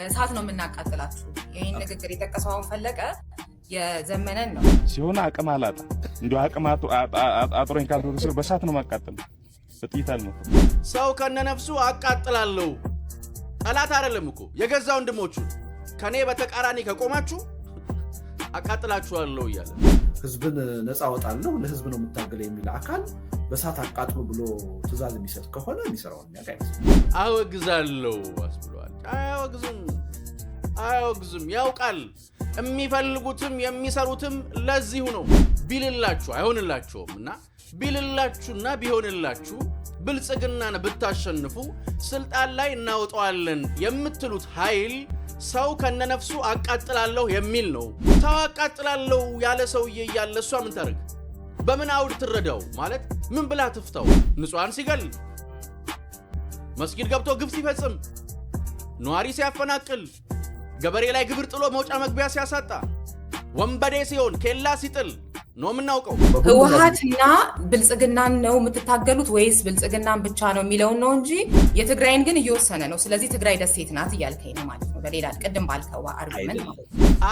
በእሳት ነው የምናቃጥላችሁ። ይህን ንግግር የጠቀሰውን ፈለቀ የዘመነን ነው ሲሆን አቅም አላጣ እንዲ አቅም አጥሮኝ ካልሆነ ስለ በእሳት ነው ማቃጥል በጥይት አልሞት ሰው ከነነፍሱ አቃጥላለሁ። ጠላት አይደለም እኮ የገዛ ወንድሞቹ ከእኔ በተቃራኒ ከቆማችሁ አቃጥላችኋለሁ እያለ ህዝብን ነፃ ወጣለሁ ለህዝብ ነው የምታገለ የሚል አካል በእሳት አቃጥሉ ብሎ ትዕዛዝ የሚሰጥ ከሆነ የሚሰራውን የሚያውቅ አይመስልም። አወግዛለሁ አስብሏል። አያወግዙም አያወግዙም ያውቃል። የሚፈልጉትም የሚሰሩትም ለዚሁ ነው። ቢልላችሁ አይሆንላችሁም እና ቢልላችሁና ቢሆንላችሁ ብልጽግናን ብታሸንፉ ስልጣን ላይ እናውጠዋለን የምትሉት ኃይል ሰው ከነነፍሱ አቃጥላለሁ የሚል ነው። ሰው አቃጥላለሁ ያለ ሰውዬ እያለ እሷ ምን ታደርግ? በምን አውድ ትረዳው? ማለት ምን ብላ ትፍተው ንጹሐን ሲገል መስጊድ ገብቶ ግብ ሲፈጽም ነዋሪ ሲያፈናቅል፣ ገበሬ ላይ ግብር ጥሎ መውጫ መግቢያ ሲያሳጣ፣ ወንበዴ ሲሆን ኬላ ሲጥል ነው የምናውቀው። ህወሀትና ብልጽግናን ነው የምትታገሉት ወይስ ብልጽግናን ብቻ ነው የሚለውን ነው እንጂ የትግራይን ግን እየወሰነ ነው። ስለዚህ ትግራይ ደሴት ናት እያልከኝ ነው ማለት ነው። በሌላ ቅድም ባልከው አርግመንት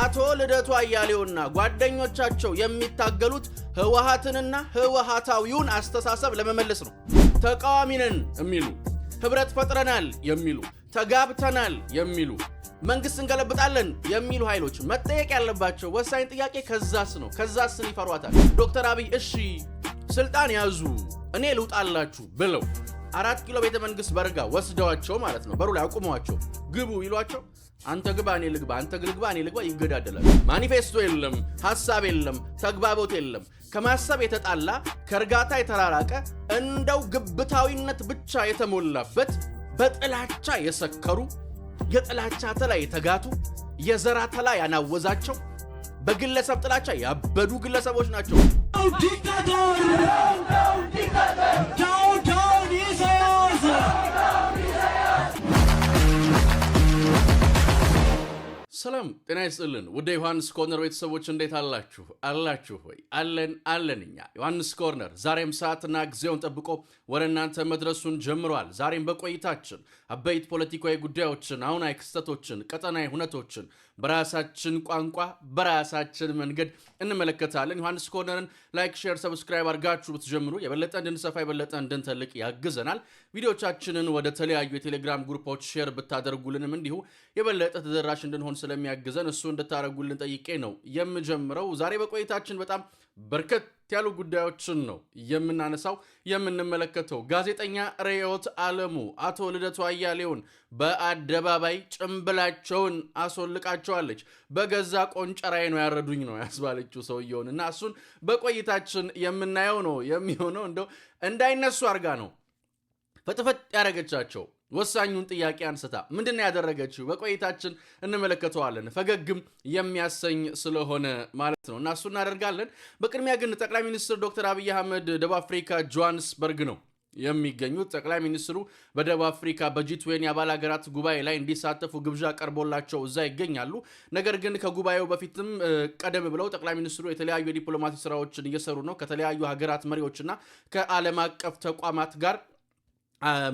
አቶ ልደቱ አያሌውና ጓደኞቻቸው የሚታገሉት ህወሀትንና ህወሀታዊውን አስተሳሰብ ለመመለስ ነው። ተቃዋሚ ነን የሚሉ ህብረት ፈጥረናል የሚሉ ተጋብተናል የሚሉ መንግስት እንገለብጣለን የሚሉ ኃይሎች መጠየቅ ያለባቸው ወሳኝ ጥያቄ ከዛስ ነው። ከዛስን ይፈሯታል። ዶክተር አብይ እሺ ስልጣን ያዙ እኔ ልውጣላችሁ ብለው አራት ኪሎ ቤተ መንግስት በርጋ ወስደዋቸው ማለት ነው። በሩ ላይ አቁመዋቸው ግቡ ይሏቸው፣ አንተ ግባ እኔ ልግባ፣ አንተ ልግባ እኔ ልግባ፣ ይገዳደላል። ማኒፌስቶ የለም፣ ሀሳብ የለም፣ ተግባቦት የለም። ከማሰብ የተጣላ ከእርጋታ የተራራቀ እንደው ግብታዊነት ብቻ የተሞላበት በጥላቻ የሰከሩ የጥላቻ ተላ የተጋቱ የዘራ ተላ ያናወዛቸው በግለሰብ ጥላቻ ያበዱ ግለሰቦች ናቸው። ሰላም ጤና ይስጥልን ውድ ዮሐንስ ኮርነር ቤተሰቦች እንዴት አላችሁ? አላችሁ ወይ? አለን አለን። እኛ ዮሐንስ ኮርነር ዛሬም ሰዓትና ጊዜውን ጠብቆ ወደ እናንተ መድረሱን ጀምሯል። ዛሬም በቆይታችን አበይት ፖለቲካዊ ጉዳዮችን፣ አሁናዊ ክስተቶችን፣ ቀጠናዊ ሁነቶችን በራሳችን ቋንቋ በራሳችን መንገድ እንመለከታለን። ዮሐንስ ኮርነርን ላይክ፣ ሼር፣ ሰብስክራይብ አድርጋችሁ ብትጀምሩ የበለጠ እንድንሰፋ የበለጠ እንድንተልቅ ያግዘናል። ቪዲዮቻችንን ወደ ተለያዩ የቴሌግራም ግሩፖች ሼር ብታደርጉልንም እንዲሁ የበለጠ ተደራሽ እንድንሆን ስለሚያግዘን እሱ እንድታደርጉልን ጠይቄ ነው የምጀምረው ዛሬ በቆይታችን በጣም በርከት ያሉ ጉዳዮችን ነው የምናነሳው የምንመለከተው። ጋዜጠኛ ርዕዮት ዓለሙ አቶ ልደቱ አያሌውን በአደባባይ ጭንብላቸውን አስወልቃቸዋለች። በገዛ ቆንጨራዬ ነው ያረዱኝ ነው ያስባለችው ሰውየውን እና እሱን በቆይታችን የምናየው ነው የሚሆነው። እንደው እንዳይነሱ አድርጋ ነው ፍጥፍጥ ያደረገቻቸው ወሳኙን ጥያቄ አንስታ ምንድን ያደረገችው በቆይታችን እንመለከተዋለን። ፈገግም የሚያሰኝ ስለሆነ ማለት ነው እና እሱ እናደርጋለን። በቅድሚያ ግን ጠቅላይ ሚኒስትር ዶክተር አብይ አህመድ ደቡብ አፍሪካ ጆሃንስበርግ ነው የሚገኙት ጠቅላይ ሚኒስትሩ በደቡብ አፍሪካ በጂ20 ሀገራት ጉባኤ ላይ እንዲሳተፉ ግብዣ ቀርቦላቸው እዛ ይገኛሉ። ነገር ግን ከጉባኤው በፊትም ቀደም ብለው ጠቅላይ ሚኒስትሩ የተለያዩ የዲፕሎማቲክ ስራዎችን እየሰሩ ነው ከተለያዩ ሀገራት መሪዎችና ከዓለም አቀፍ ተቋማት ጋር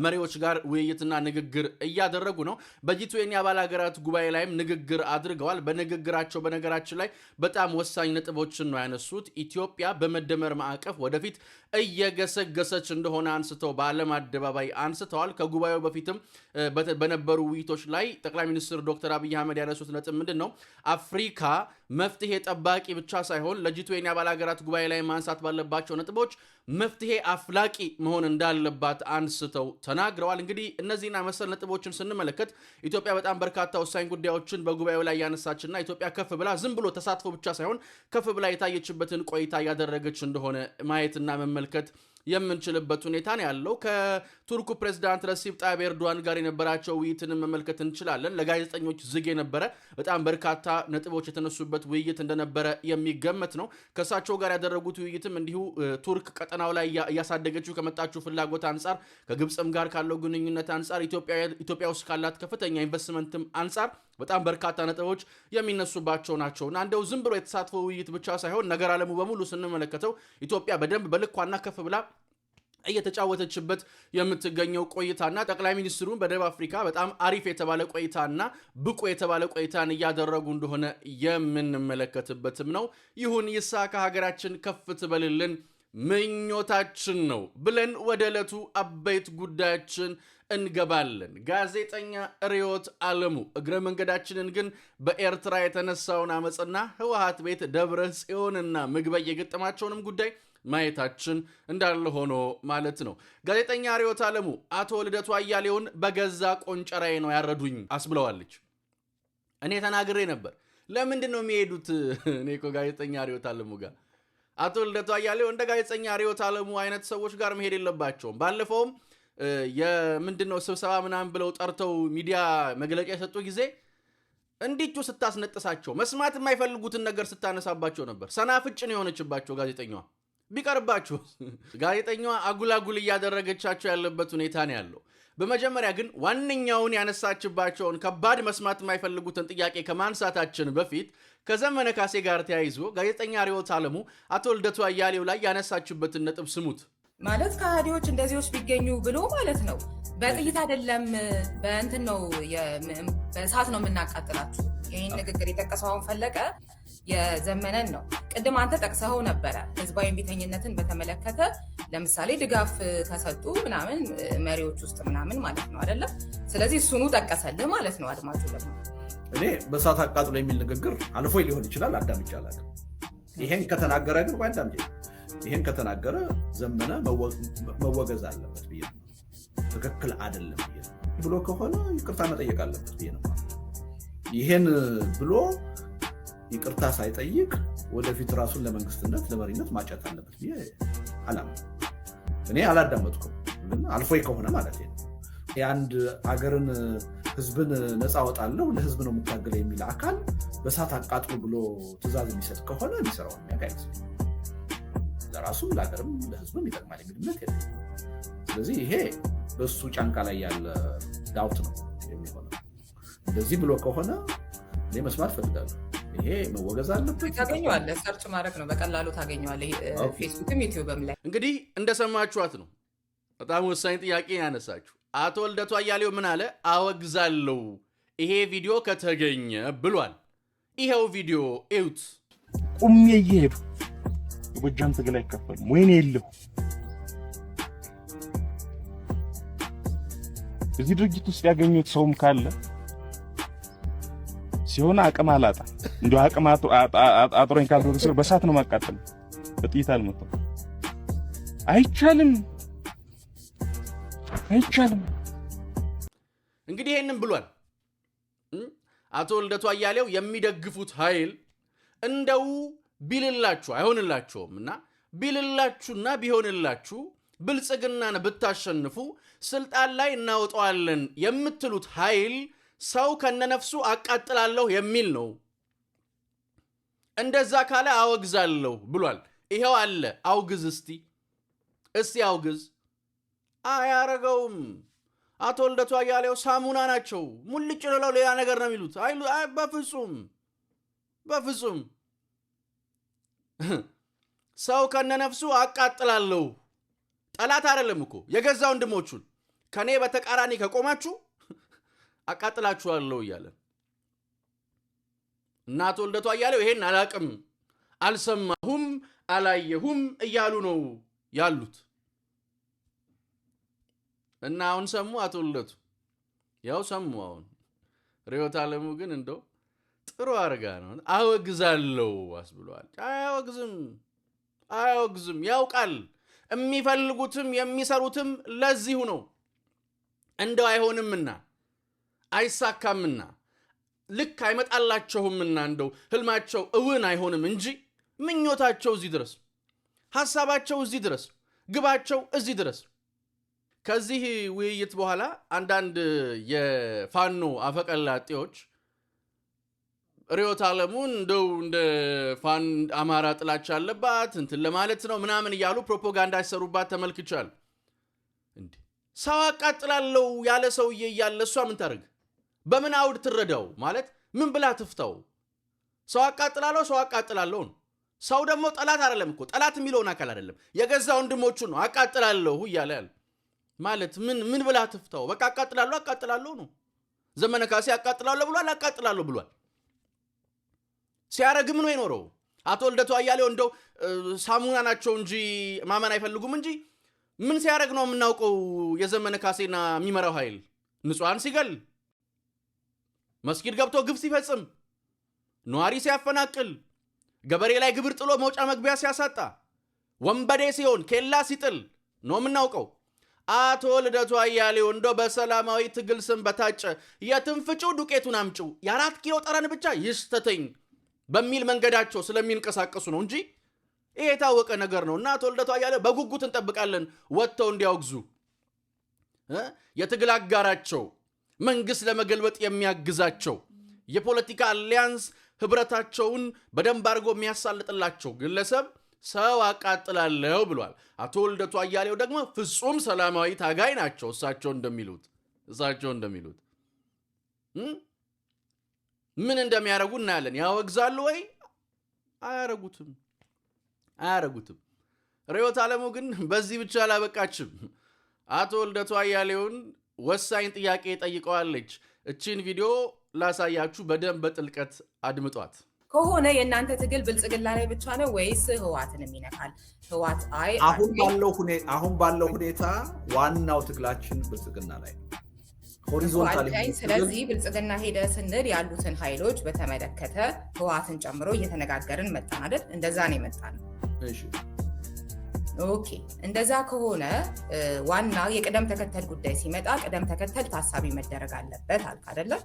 መሪዎች ጋር ውይይትና ንግግር እያደረጉ ነው። በጂ20 አባል ሀገራት ጉባኤ ላይም ንግግር አድርገዋል። በንግግራቸው በነገራችን ላይ በጣም ወሳኝ ነጥቦችን ነው ያነሱት። ኢትዮጵያ በመደመር ማዕቀፍ ወደፊት እየገሰገሰች እንደሆነ አንስተው በዓለም አደባባይ አንስተዋል። ከጉባኤው በፊትም በነበሩ ውይይቶች ላይ ጠቅላይ ሚኒስትር ዶክተር አብይ አህመድ ያነሱት ነጥብ ምንድን ነው? አፍሪካ መፍትሄ ጠባቂ ብቻ ሳይሆን ለጂ20 አባል ሀገራት ጉባኤ ላይ ማንሳት ባለባቸው ነጥቦች መፍትሄ አፍላቂ መሆን እንዳለባት አንስ አብዝተው ተናግረዋል። እንግዲህ እነዚህና መሰል ነጥቦችን ስንመለከት ኢትዮጵያ በጣም በርካታ ወሳኝ ጉዳዮችን በጉባኤው ላይ ያነሳችና ኢትዮጵያ ከፍ ብላ ዝም ብሎ ተሳትፎ ብቻ ሳይሆን ከፍ ብላ የታየችበትን ቆይታ ያደረገች እንደሆነ ማየትና መመልከት የምንችልበት ሁኔታ ነው ያለው። ከቱርኩ ፕሬዚዳንት ረሲብ ጣይብ ኤርዶዋን ጋር የነበራቸው ውይይትን መመልከት እንችላለን። ለጋዜጠኞች ዝግ የነበረ በጣም በርካታ ነጥቦች የተነሱበት ውይይት እንደነበረ የሚገመት ነው። ከእሳቸው ጋር ያደረጉት ውይይትም እንዲሁ ቱርክ ቀጠናው ላይ እያሳደገችው ከመጣችው ፍላጎት አንጻር ከግብፅም ጋር ካለው ግንኙነት አንጻር ኢትዮጵያ ውስጥ ካላት ከፍተኛ ኢንቨስትመንትም አንጻር በጣም በርካታ ነጥቦች የሚነሱባቸው እና እንደው ዝም ብሎ የተሳትፎ ውይይት ብቻ ሳይሆን ነገር አለሙ በሙሉ ስንመለከተው ኢትዮጵያ በደንብ በልኳና ከፍ ብላ እየተጫወተችበት የምትገኘው ቆይታና ጠቅላይ ሚኒስትሩን በደቡብ አፍሪካ በጣም አሪፍ የተባለ ቆይታና ብቁ የተባለ ቆይታን እያደረጉ እንደሆነ የምንመለከትበትም ነው። ይሁን ይሳ ከሀገራችን ከፍ ትበልልን ምኞታችን ነው ብለን ወደ ዕለቱ አበይት ጉዳያችን እንገባለን። ጋዜጠኛ ርዕዮት ዓለሙ እግረ መንገዳችንን ግን በኤርትራ የተነሳውን አመፅና ህወሀት ቤት ደብረ ጽዮንና ምግበ የገጠማቸውንም ጉዳይ ማየታችን እንዳለ ሆኖ ማለት ነው። ጋዜጠኛ ርዕዮት ዓለሙ አቶ ልደቱ አያሌውን በገዛ ቆንጨራዬ ነው ያረዱኝ አስብለዋለች። እኔ ተናግሬ ነበር። ለምንድን ነው የሚሄዱት? እኔ እኮ ጋዜጠኛ ርዕዮት ዓለሙ ጋር አቶ ልደቱ አያሌው እንደ ጋዜጠኛ ርዕዮት ዓለሙ አይነት ሰዎች ጋር መሄድ የለባቸውም። ባለፈውም የምንድን ነው ስብሰባ ምናምን ብለው ጠርተው ሚዲያ መግለጫ የሰጡ ጊዜ እንዲቹ ስታስነጥሳቸው መስማት የማይፈልጉትን ነገር ስታነሳባቸው ነበር። ሰናፍጭ ነው የሆነችባቸው ጋዜጠኛዋ። ቢቀርባችሁ ጋዜጠኛዋ አጉላጉል እያደረገቻቸው ያለበት ሁኔታ ነው ያለው። በመጀመሪያ ግን ዋነኛውን ያነሳችባቸውን ከባድ መስማት የማይፈልጉትን ጥያቄ ከማንሳታችን በፊት ከዘመነ ካሴ ጋር ተያይዞ ጋዜጠኛ ሪዮት አለሙ አቶ ልደቱ አያሌው ላይ ያነሳችበትን ነጥብ ስሙት። ማለት ከሃዲዎች እንደዚዎች ቢገኙ ብሎ ማለት ነው። በጥይት አይደለም በእንትን ነው በእሳት ነው የምናቃጥላችሁ። ይህን ንግግር የጠቀሰውን ፈለቀ የዘመነን ነው። ቅድም አንተ ጠቅሰኸው ነበረ ህዝባዊ እምቢተኝነትን በተመለከተ ለምሳሌ ድጋፍ ከሰጡ ምናምን መሪዎች ውስጥ ምናምን ማለት ነው አይደለም። ስለዚህ እሱኑ ጠቀሰልህ ማለት ነው። አድማጩ ደግሞ እኔ በእሳት አቃጥሎ የሚል ንግግር አልፎ ሊሆን ይችላል አዳምጬ አላውቅም። ይሄን ከተናገረ ግን ባዳምጬ ይሄን ከተናገረ ዘመነ መወገዝ አለበት ብዬ ነው። ትክክል አይደለም ብዬ ነው ብሎ ከሆነ ይቅርታ መጠየቅ አለበት ብዬ ነው። ይሄን ብሎ ይቅርታ ሳይጠይቅ ወደፊት ራሱን ለመንግስትነት ለመሪነት ማጨት አለበት ብዬ አላምንም። እኔ አላዳመጥኩም፣ ግን አልፎኝ ከሆነ ማለት ነው። የአንድ አገርን ህዝብን ነፃ ወጣለሁ ለህዝብ ነው የምታገለ የሚል አካል በእሳት አቃጥሉ ብሎ ትእዛዝ የሚሰጥ ከሆነ የሚሰራው የሚያውቅ አይመስለኝም። ለራሱም ለሀገርም ለህዝብም ይጠቅማል የሚል የለ። ስለዚህ ይሄ በሱ ጫንቃ ላይ ያለ ዳውት ነው የሚሆነው። እንደዚህ ብሎ ከሆነ እኔ መስማት ፈልጋለሁ። ይሄ መወገዝ አለበት። ታገኘዋለህ፣ ሰርች ማድረግ ነው በቀላሉ ታገኘዋለህ። ፌስቡክም ዩቲዩብም ላይ እንግዲህ እንደሰማችኋት ነው። በጣም ወሳኝ ጥያቄ ያነሳችሁ አቶ ልደቱ አያሌው ምን አለ? አወግዛለሁ ይሄ ቪዲዮ ከተገኘ ብሏል። ይኸው ቪዲዮ እዩት። ቁሜ እየሄዱ የጎጃም ትግል አይከፈልም። ወይኔ የለሁ እዚህ ድርጅት ውስጥ ያገኙት ሰውም ካለ ሲሆን አቅም አላጣ እንዲ አቅም አጥሮኝ ካልሆነ ስለ በሳት ነው ማቃጠል በጥይት አልመጣም። አይቻልም፣ አይቻልም። እንግዲህ ይሄንን ብሏል አቶ ልደቱ አያሌው የሚደግፉት ኃይል እንደው ቢልላችሁ አይሆንላችሁም እና ቢልላችሁና ቢሆንላችሁ ብልጽግናን ብታሸንፉ ስልጣን ላይ እናውጠዋለን የምትሉት ኃይል ሰው ከነነፍሱ አቃጥላለሁ የሚል ነው። እንደዛ ካለ አወግዛለሁ ብሏል። ይኸው አለ። አውግዝ እስቲ እስቲ አውግዝ። አያረገውም። አቶ ልደቱ አያሌው ሳሙና ናቸው። ሙልጭ ልለው ሌላ ነገር ነው የሚሉት። በፍጹም በፍጹም ሰው ከነነፍሱ አቃጥላለሁ። ጠላት አይደለም እኮ የገዛ ወንድሞቹን ከእኔ በተቃራኒ ከቆማችሁ አቃጥላችኋለሁ እያለ እናት ወልደቷ እያለው ይሄን አላቅም፣ አልሰማሁም፣ አላየሁም እያሉ ነው ያሉት። እና አሁን ሰሙ አቶ ልደቱ ያው ሰሙ። አሁን ርዕዮተ አለሙ ግን እንደው ጥሩ አርጋ ነው አወግዛለው አስብሏል። አያወግዝም አያወግዝም ያውቃል። የሚፈልጉትም የሚሰሩትም ለዚሁ ነው። እንደው አይሆንምና አይሳካምና ልክ አይመጣላቸውምና እንደው ህልማቸው እውን አይሆንም እንጂ ምኞታቸው እዚህ ድረስ፣ ሀሳባቸው እዚህ ድረስ፣ ግባቸው እዚህ ድረስ። ከዚህ ውይይት በኋላ አንዳንድ የፋኖ አፈቀላጤዎች ርዕዮት አለሙን እንደው እንደ ፋን አማራ ጥላቻ አለባት እንትን ለማለት ነው ምናምን እያሉ ፕሮፓጋንዳ ሲሰሩባት ተመልክቻል። ሰው አቃጥላለው ያለ ሰውዬ እያለ እሷ ምን ታደርግ? በምን አውድ ትረዳው? ማለት ምን ብላ ትፍታው? ሰው አቃጥላለው ሰው አቃጥላለው ነው። ሰው ደግሞ ጠላት አይደለም እኮ ጠላት የሚለውን አካል አይደለም የገዛ ወንድሞቹ ነው አቃጥላለሁ እያለ ያለ ማለት ምን ምን ብላ ትፍታው? በቃ አቃጥላለሁ አቃጥላለሁ ነው። ዘመነ ካሴ አቃጥላለሁ ብሏል፣ አቃጥላለሁ ብሏል። ሲያረግም ነው የኖረው። አቶ ልደቱ አያሌው እንደው ሳሙና ናቸው እንጂ ማመን አይፈልጉም እንጂ ምን ሲያደረግ ነው የምናውቀው? የዘመነ ካሴና የሚመራው ኃይል ንጹሐን ሲገል፣ መስጊድ ገብቶ ግፍ ሲፈጽም፣ ነዋሪ ሲያፈናቅል፣ ገበሬ ላይ ግብር ጥሎ መውጫ መግቢያ ሲያሳጣ፣ ወንበዴ ሲሆን፣ ኬላ ሲጥል ነው የምናውቀው። አቶ ልደቱ አያሌው እንዶ በሰላማዊ ትግል ስም በታጨ የትንፍጩ ዱቄቱን አምጩ የአራት ኪሎ ጠረን ብቻ ይስተተኝ በሚል መንገዳቸው ስለሚንቀሳቀሱ ነው እንጂ ይሄ የታወቀ ነገር ነው እና አቶ ልደቱ በጉጉት እንጠብቃለን ወጥተው እንዲያወግዙ የትግል አጋራቸው መንግስት ለመገልበጥ የሚያግዛቸው የፖለቲካ አሊያንስ ህብረታቸውን በደንብ አድርጎ የሚያሳልጥላቸው ግለሰብ ሰው አቃጥላለሁ ብሏል። አቶ ልደቱ አያሌው ደግሞ ፍጹም ሰላማዊ ታጋይ ናቸው። እሳቸው እንደሚሉት እሳቸው እንደሚሉት ምን እንደሚያደርጉ እናያለን። ያወግዛሉ ወይ? አያረጉትም አያረጉትም። ርዕዮት ዓለሙ ግን በዚህ ብቻ አላበቃችም። አቶ ልደቱ አያሌውን ወሳኝ ጥያቄ ጠይቀዋለች። እቺን ቪዲዮ ላሳያችሁ፣ በደንብ በጥልቀት አድምጧት። ከሆነ የእናንተ ትግል ብልጽግና ላይ ብቻ ነው ወይስ ህዋትን ይነካል? ህዋት አይ አሁን ባለው ሁኔታ ዋናው ትግላችን ብልጽግና ላይ ነው። ስለዚህ ብልጽግና ሄደ ስንል ያሉትን ኃይሎች በተመለከተ ህወሓትን ጨምሮ እየተነጋገርን መጣን አይደል? እንደዛ ነው የመጣ ነው። ኦኬ፣ እንደዛ ከሆነ ዋና የቅደም ተከተል ጉዳይ ሲመጣ ቅደም ተከተል ታሳቢ መደረግ አለበት አልክ አይደለም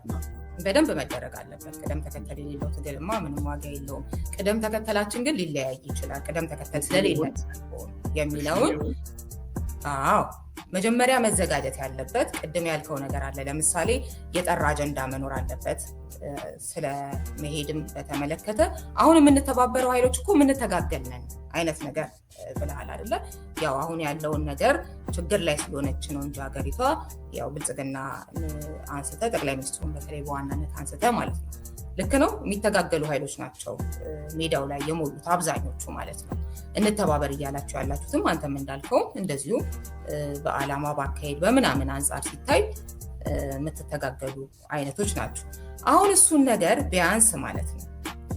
በደንብ መደረግ አለበት። ቅደም ተከተል የሌለው ትግልማ ምንም ዋጋ የለውም። ቅደም ተከተላችን ግን ሊለያይ ይችላል። ቅደም ተከተል ስለሌለ የሚለውን አዎ መጀመሪያ መዘጋጀት ያለበት ቅድም ያልከው ነገር አለ። ለምሳሌ የጠራ አጀንዳ መኖር አለበት። ስለ መሄድም በተመለከተ አሁን የምንተባበረው ኃይሎች እኮ የምንተጋገልነን አይነት ነገር ብለሃል አይደለ? ያው አሁን ያለውን ነገር ችግር ላይ ስለሆነች ነው እንጂ ሀገሪቷ ያው ብልጽግና አንስተ ጠቅላይ ሚኒስትሩን በተለይ በዋናነት አንስተ ማለት ነው። ልክ ነው። የሚተጋገሉ ኃይሎች ናቸው ሜዳው ላይ የሞሉት አብዛኞቹ ማለት ነው። እንተባበር እያላችሁ ያላችሁትም አንተም እንዳልከው እንደዚሁ በዓላማ በአካሄድ በምናምን አንጻር ሲታይ የምትተጋገሉ አይነቶች ናቸው። አሁን እሱን ነገር ቢያንስ ማለት ነው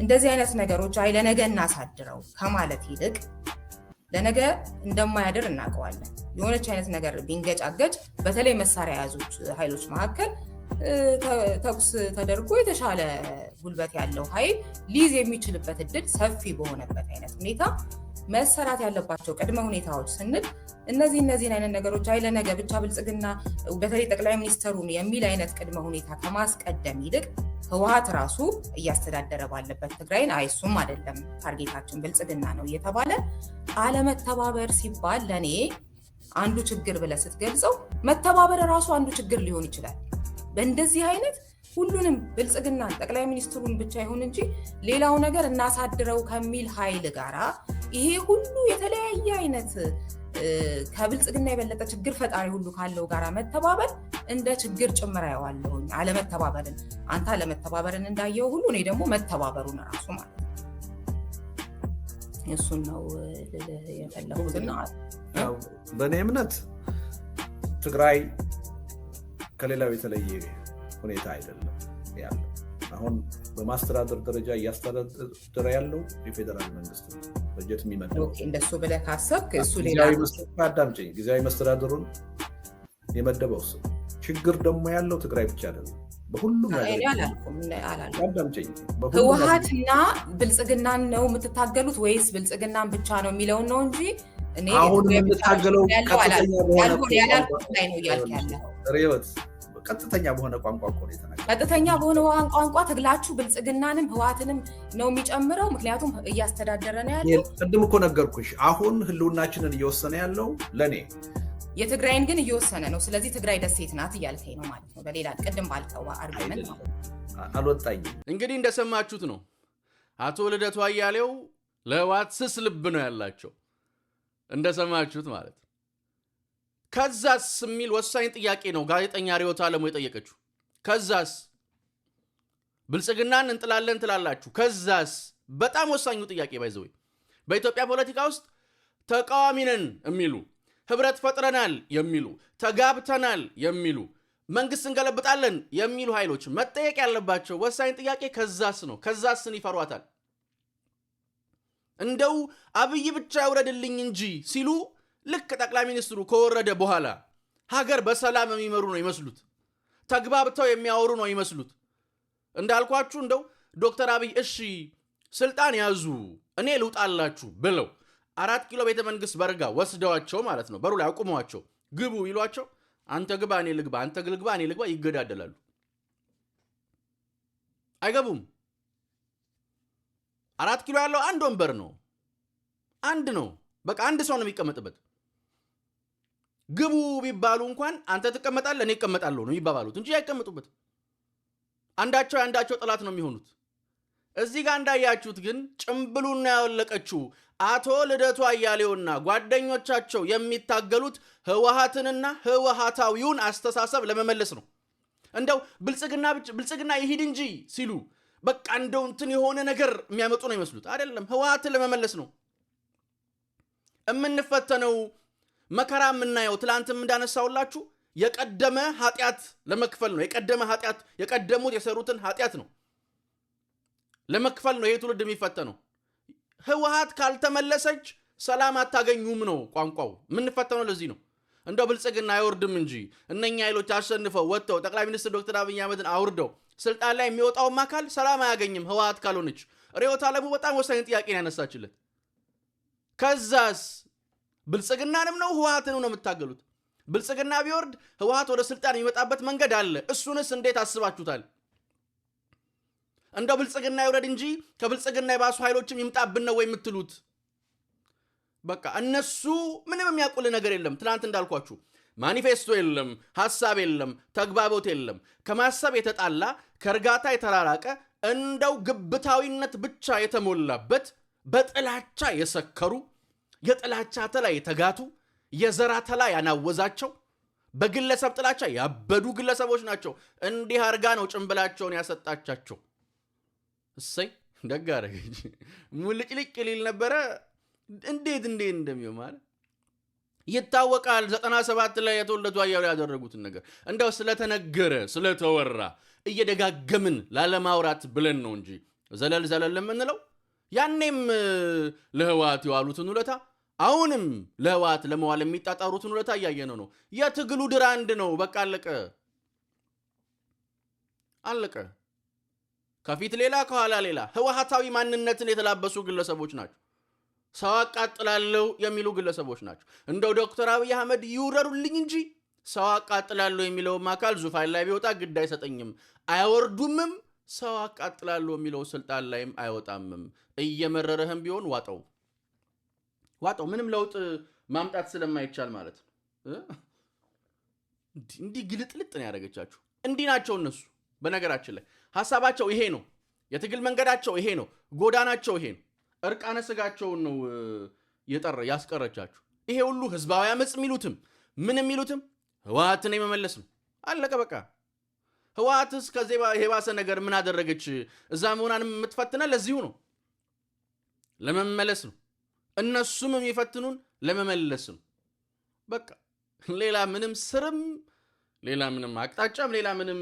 እንደዚህ አይነት ነገሮች አይ ለነገ እናሳድረው ከማለት ይልቅ ለነገ እንደማያድር እናውቀዋለን። የሆነች አይነት ነገር ቢንገጫገጭ በተለይ መሳሪያ የያዙት ኃይሎች መካከል ተኩስ ተደርጎ የተሻለ ጉልበት ያለው ኃይል ሊይዝ የሚችልበት እድል ሰፊ በሆነበት አይነት ሁኔታ መሰራት ያለባቸው ቅድመ ሁኔታዎች ስንል እነዚህ እነዚህን አይነት ነገሮች አይ ለነገ ብቻ ብልጽግና በተለይ ጠቅላይ ሚኒስትሩን የሚል አይነት ቅድመ ሁኔታ ከማስቀደም ይልቅ ህወሀት ራሱ እያስተዳደረ ባለበት ትግራይን አይሱም አይደለም ታርጌታችን ብልጽግና ነው እየተባለ አለመተባበር ሲባል ለእኔ አንዱ ችግር ብለህ ስትገልጸው መተባበር ራሱ አንዱ ችግር ሊሆን ይችላል። በእንደዚህ አይነት ሁሉንም ብልጽግናን ጠቅላይ ሚኒስትሩን ብቻ ይሁን እንጂ ሌላው ነገር እናሳድረው ከሚል ኃይል ጋራ ይሄ ሁሉ የተለያየ አይነት ከብልጽግና የበለጠ ችግር ፈጣሪ ሁሉ ካለው ጋር መተባበር እንደ ችግር ጭምር አየዋለሁኝ። አለመተባበርን አንተ አለመተባበርን እንዳየው ሁሉ እኔ ደግሞ መተባበሩን ራሱ ማለት ነው። እሱን ነው የፈለጉትና በእኔ እምነት ትግራይ ከሌላው የተለየ ሁኔታ አይደለም ያለው። አሁን በማስተዳደር ደረጃ እያስተዳደረ ያለው የፌዴራል መንግስት በጀት የሚመደበው እንደሱ ብለህ ካሰብክ ጊዜያዊ መስተዳደሩን የመደበው እሱ። ችግር ደግሞ ያለው ትግራይ ብቻ አይደለም። በሁሉም አዳምጪኝ። ህወሀትና ብልጽግናን ነው የምትታገሉት ወይስ ብልጽግናን ብቻ ነው የሚለውን ነው እንጂ አሁን የምታገለው ቀጥተኛ በሆነ ላይ ነው እያልክ ያለ ቀጥተኛ በሆነ ቋንቋ እኮ ነው የተናገረው። ቀጥተኛ በሆነ ቋንቋ ትግላችሁ ብልጽግናንም ህዋትንም ነው የሚጨምረው። ምክንያቱም እያስተዳደረ ነው ያለው። ቅድም እኮ ነገርኩሽ። አሁን ህልውናችንን እየወሰነ ያለው ለእኔ የትግራይን ግን እየወሰነ ነው። ስለዚህ ትግራይ ደሴት ናት እያልከኝ ነው ማለት ነው። በሌላ ቅድም ባልከው አርግመንት አልወጣኝም። እንግዲህ እንደሰማችሁት ነው። አቶ ልደቱ አያሌው ለህዋት ስስ ልብ ነው ያላቸው። እንደሰማችሁት ማለት ነው። ከዛስ የሚል ወሳኝ ጥያቄ ነው ጋዜጠኛ ሪዮት አለሙ የጠየቀችው። ከዛስ ብልጽግናን እንጥላለን ትላላችሁ፣ ከዛስ? በጣም ወሳኙ ጥያቄ ወይ በኢትዮጵያ ፖለቲካ ውስጥ ተቃዋሚ ነን የሚሉ ህብረት ፈጥረናል የሚሉ ተጋብተናል የሚሉ መንግስት እንገለብጣለን የሚሉ ኃይሎች መጠየቅ ያለባቸው ወሳኝ ጥያቄ ከዛስ ነው። ከዛስን ይፈሯታል። እንደው አብይ ብቻ ይውረድልኝ እንጂ ሲሉ ልክ ጠቅላይ ሚኒስትሩ ከወረደ በኋላ ሀገር በሰላም የሚመሩ ነው ይመስሉት፣ ተግባብተው የሚያወሩ ነው ይመስሉት። እንዳልኳችሁ እንደው ዶክተር አብይ እሺ ስልጣን ያዙ እኔ ልውጣላችሁ ብለው አራት ኪሎ ቤተ መንግስት በርጋ ወስደዋቸው ማለት ነው በሩ ላይ አቁመዋቸው ግቡ ይሏቸው፣ አንተ ግባ እኔ ልግባ፣ አንተ ልግባ እኔ ልግባ፣ ይገዳደላሉ። አይገቡም። አራት ኪሎ ያለው አንድ ወንበር ነው። አንድ ነው። በቃ አንድ ሰው ነው የሚቀመጥበት። ግቡ ቢባሉ እንኳን አንተ ትቀመጣለህ እኔ እቀመጣለሁ ነው የሚባባሉት እንጂ አይቀመጡበትም። አንዳቸው የአንዳቸው ጠላት ነው የሚሆኑት። እዚህ ጋር እንዳያችሁት ግን ጭምብሉና ያወለቀችው አቶ ልደቱ አያሌውና ጓደኞቻቸው የሚታገሉት ህወሀትንና ህወሀታዊውን አስተሳሰብ ለመመለስ ነው። እንደው ብልጽግና ብልጽግና ይሂድ እንጂ ሲሉ በቃ እንደው እንትን የሆነ ነገር የሚያመጡ ነው ይመስሉት። አይደለም፣ ህወሀትን ለመመለስ ነው የምንፈተነው መከራ የምናየው ትላንትም እንዳነሳውላችሁ የቀደመ ኃጢአት ለመክፈል ነው። የቀደመ ኃጢአት የቀደሙት የሰሩትን ኃጢአት ነው ለመክፈል ነው ይሄ ትውልድ የሚፈተነው። ህወሀት ካልተመለሰች ሰላም አታገኙም ነው ቋንቋው። የምንፈተነው ለዚህ ነው። እንደው ብልጽግና አይወርድም እንጂ እነኛ ኃይሎች አሸንፈው ወጥተው ጠቅላይ ሚኒስትር ዶክተር አብይ አህመድን አውርደው ስልጣን ላይ የሚወጣውም አካል ሰላም አያገኝም ህወሀት ካልሆነች። ርዕዮት ዓለሙ በጣም ወሳኝ ጥያቄ ነው ያነሳችለት። ከዛስ ብልጽግናንም ነው ህወሀትን ነው የምታገሉት። ብልጽግና ቢወርድ ህወሀት ወደ ስልጣን የሚመጣበት መንገድ አለ። እሱንስ እንዴት አስባችሁታል? እንደው ብልጽግና ይውረድ እንጂ ከብልጽግና የባሱ ኃይሎችም ይምጣብን ነው ወይ የምትሉት? በቃ እነሱ ምንም የሚያውቁል ነገር የለም። ትናንት እንዳልኳችሁ ማኒፌስቶ የለም፣ ሀሳብ የለም፣ ተግባቦት የለም። ከማሰብ የተጣላ ከእርጋታ የተራራቀ እንደው ግብታዊነት ብቻ የተሞላበት በጥላቻ የሰከሩ የጥላቻ ተላ የተጋቱ የዘራ ተላ ያናወዛቸው በግለሰብ ጥላቻ ያበዱ ግለሰቦች ናቸው። እንዲህ አርጋ ነው ጭንብላቸውን ያሰጣቻቸው። እሰይ ደግ አደረገች። ሙልጭልጭ ሊል ነበረ። እንዴት እንዴት እንደሚሆን ማለት ይታወቃል። ዘጠና ሰባት ላይ የተወለዱ አያሌው ያደረጉትን ነገር እንደው ስለተነገረ ስለተወራ እየደጋገምን ላለማውራት ብለን ነው እንጂ ዘለል ዘለል የምንለው ያኔም ለህወሓት የዋሉትን ውለታ አሁንም ለህወሓት ለመዋል የሚጣጣሩትን ውለታ እያየነው ነው። የትግሉ ድር አንድ ነው። በቃ አለቀ አለቀ። ከፊት ሌላ ከኋላ ሌላ ህወሓታዊ ማንነትን የተላበሱ ግለሰቦች ናቸው። ሰው አቃጥላለሁ የሚሉ ግለሰቦች ናቸው። እንደው ዶክተር አብይ አህመድ ይውረሩልኝ እንጂ ሰው አቃጥላለሁ የሚለውም አካል ዙፋን ላይ ቢወጣ ግድ አይሰጠኝም፣ አያወርዱምም። ሰው አቃጥላለሁ የሚለው ስልጣን ላይም አይወጣምም። እየመረረህም ቢሆን ዋጠው። ዋጠው። ምንም ለውጥ ማምጣት ስለማይቻል ማለት ነው። እንዲህ ግልጥልጥ ነው ያደረገቻችሁ። እንዲህ ናቸው እነሱ። በነገራችን ላይ ሀሳባቸው ይሄ ነው። የትግል መንገዳቸው ይሄ ነው። ጎዳናቸው ይሄ ነው። እርቃነ ስጋቸውን ነው የጠረ ያስቀረቻችሁ። ይሄ ሁሉ ህዝባዊ አመፅ የሚሉትም ምን የሚሉትም ህወሓትን የመመለስ ነው። አለቀ በቃ። ህወሓትስ ከዚህ የባሰ ነገር ምን አደረገች? እዛ መሆናን የምትፈትነ ለዚሁ ነው፣ ለመመለስ ነው። እነሱም የሚፈትኑን ለመመለስ ነው። በቃ ሌላ ምንም ስርም፣ ሌላ ምንም አቅጣጫም፣ ሌላ ምንም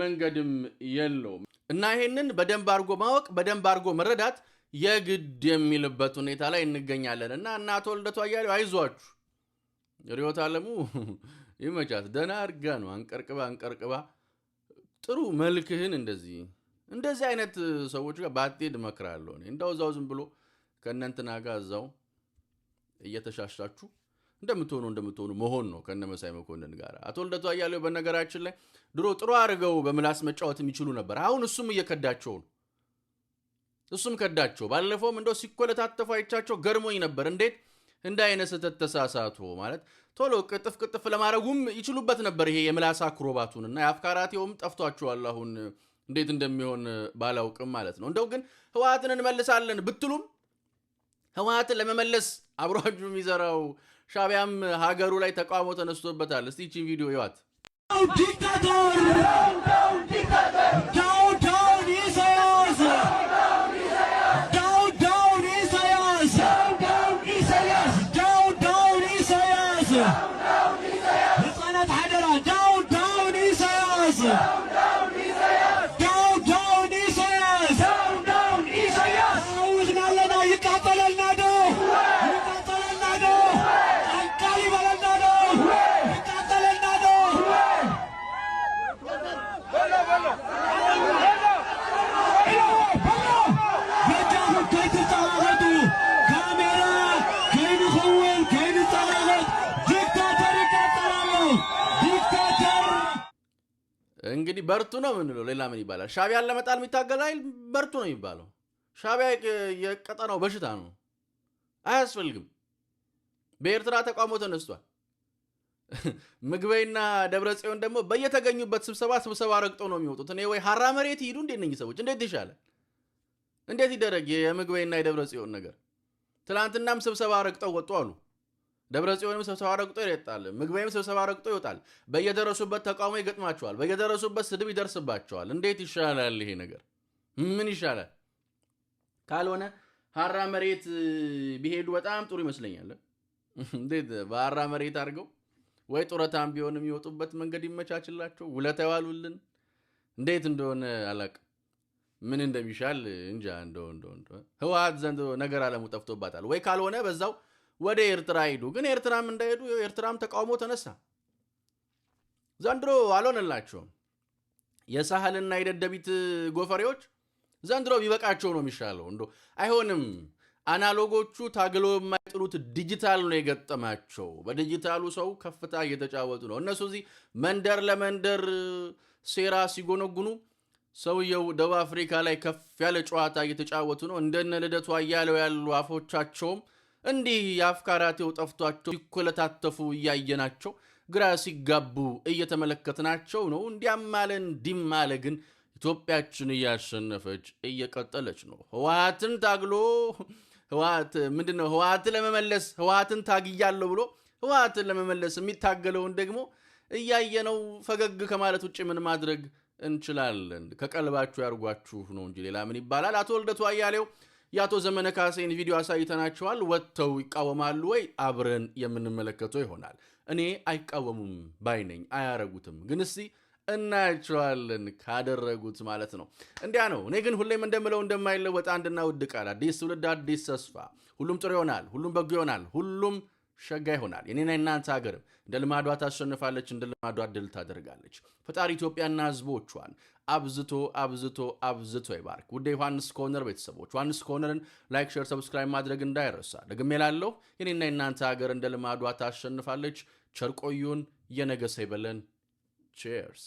መንገድም የለውም እና ይሄንን በደንብ አድርጎ ማወቅ በደንብ አድርጎ መረዳት የግድ የሚልበት ሁኔታ ላይ እንገኛለን እና እናቶ ልደቱ አያሌው አይዟችሁ፣ ርዕዮት ዓለሙ ይመቻት። ደህና አድርጋ ነው አንቀርቅባ አንቀርቅባ ጥሩ መልክህን እንደዚህ እንደዚህ አይነት ሰዎች ጋር ባትሄድ እመክራለሁ። እንዳው እዛው ዝም ብሎ ከእነንትና ጋር እዛው እየተሻሻችሁ እንደምትሆኑ እንደምትሆኑ መሆን ነው ከነ መሳይ መኮንን ጋር። አቶ ልደቱ አያሌው በነገራችን ላይ ድሮ ጥሩ አድርገው በምላስ መጫወት የሚችሉ ነበር። አሁን እሱም እየከዳቸው ነው። እሱም ከዳቸው። ባለፈውም እንደው ሲኮለታተፉ አይቻቸው ገርሞኝ ነበር። እንዴት እንደ አይነ ስህተት ተሳሳቱ ማለት ቶሎ ቅጥፍ ቅጥፍ ለማድረጉም ይችሉበት ነበር። ይሄ የምላስ አክሮባቱን እና የአፍካራቴውም ጠፍቷቸዋል። አሁን እንዴት እንደሚሆን ባላውቅም ማለት ነው። እንደው ግን ህወሓትን እንመልሳለን ብትሉም ህወሓትን ለመመለስ አብሮጁ የሚዘራው ሻቢያም ሀገሩ ላይ ተቃውሞ ተነስቶበታል። እስቲ ይችን ቪዲዮ ይዋት። በርቱ ነው የምንለው። ሌላ ምን ይባላል? ሻቢያን ለመጣል የሚታገል ኃይል በርቱ ነው የሚባለው። ሻቢያ የቀጠናው በሽታ ነው፣ አያስፈልግም። በኤርትራ ተቃውሞ ተነስቷል። ምግበይና ደብረ ጽዮን ደግሞ በየተገኙበት ስብሰባ ስብሰባ ረግጦ ነው የሚወጡት። እኔ ወይ ሀራ መሬት ይሂዱ እንዴ እነኝህ ሰዎች? እንዴት ይሻላል? እንዴት ይደረግ የምግበይና የደብረ ጽዮን ነገር? ትናንትናም ስብሰባ ረግጠው ወጡ አሉ። ደብረ ጽዮንም ስብሰባ ረግጦ ይወጣል። ምግባይም ስብሰባ ረግጦ ይወጣል። በየደረሱበት ተቃውሞ ይገጥማቸዋል። በየደረሱበት ስድብ ይደርስባቸዋል። እንዴት ይሻላል? ይሄ ነገር ምን ይሻላል? ካልሆነ ሀራ መሬት ቢሄዱ በጣም ጥሩ ይመስለኛል። እንዴት በሀራ መሬት አድርገው ወይ ጡረታም ቢሆን የሚወጡበት መንገድ ይመቻችላቸው። ውለታ ይዋሉልን። እንዴት እንደሆነ አላቅ ምን እንደሚሻል እንጃ። እንደው እንደው ዘንድ ነገር አለሙ ጠፍቶባታል። ወይ ካልሆነ በዛው ወደ ኤርትራ ሄዱ። ግን ኤርትራም እንዳይሄዱ ኤርትራም ተቃውሞ ተነሳ። ዘንድሮ አልሆነላቸውም። የሳህልና የደደቢት ጎፈሬዎች ዘንድሮ ቢበቃቸው ነው የሚሻለው። እንዶ አይሆንም። አናሎጎቹ ታግሎ የማይጥሉት ዲጂታል ነው የገጠማቸው። በዲጂታሉ ሰው ከፍታ እየተጫወቱ ነው። እነሱ እዚህ መንደር ለመንደር ሴራ ሲጎነጉኑ፣ ሰውየው ደቡብ አፍሪካ ላይ ከፍ ያለ ጨዋታ እየተጫወቱ ነው። እንደነ ልደቱ አያሌው ያሉ አፎቻቸውም እንዲህ የአፍካራቴው ጠፍቷቸው ሲኮለታተፉ እያየናቸው ግራ ሲጋቡ እየተመለከትናቸው ነው። እንዲያም አለ እንዲም አለ ግን ኢትዮጵያችን እያሸነፈች እየቀጠለች ነው። ህወሓትን ታግሎ ህወሓት ምንድን ነው? ህወሓትን ለመመለስ ህወሓትን ታግያለሁ ብሎ ህወሓትን ለመመለስ የሚታገለውን ደግሞ እያየነው ፈገግ ከማለት ውጭ ምን ማድረግ እንችላለን? ከቀልባችሁ ያርጓችሁ ነው እንጂ ሌላ ምን ይባላል? አቶ ልደቱ አያሌው የአቶ ዘመነ ካሴን ቪዲዮ አሳይተናቸዋል። ወጥተው ይቃወማሉ ወይ? አብረን የምንመለከተው ይሆናል። እኔ አይቃወሙም ባይነኝ አያረጉትም። ግን እስቲ እናያቸዋለን ካደረጉት ማለት ነው። እንዲያ ነው። እኔ ግን ሁሌም እንደምለው እንደማይለወጥ አንድና ውድ ቃል፣ አዲስ ትውልድ፣ አዲስ ተስፋ። ሁሉም ጥሩ ይሆናል፣ ሁሉም በጎ ይሆናል፣ ሁሉም ሸጋ ይሆናል። የኔና የናንተ ሀገርም እንደ ልማዷ ታሸንፋለች፣ እንደ ልማዷ ድል ታደርጋለች። ፈጣሪ ኢትዮጵያና ሕዝቦቿን አብዝቶ አብዝቶ አብዝቶ ይባርክ። ውደ ዮሐንስ ኮርነር ቤተሰቦች ዮሐንስ ኮርነርን ላይክ፣ ሼር፣ ሰብስክራይብ ማድረግ እንዳይረሳ። ደግሜ ላለሁ የኔና የናንተ ሀገር እንደ ልማዷ ታሸንፋለች። ቸርቆዩን የነገሰ ይበለን። ቼርስ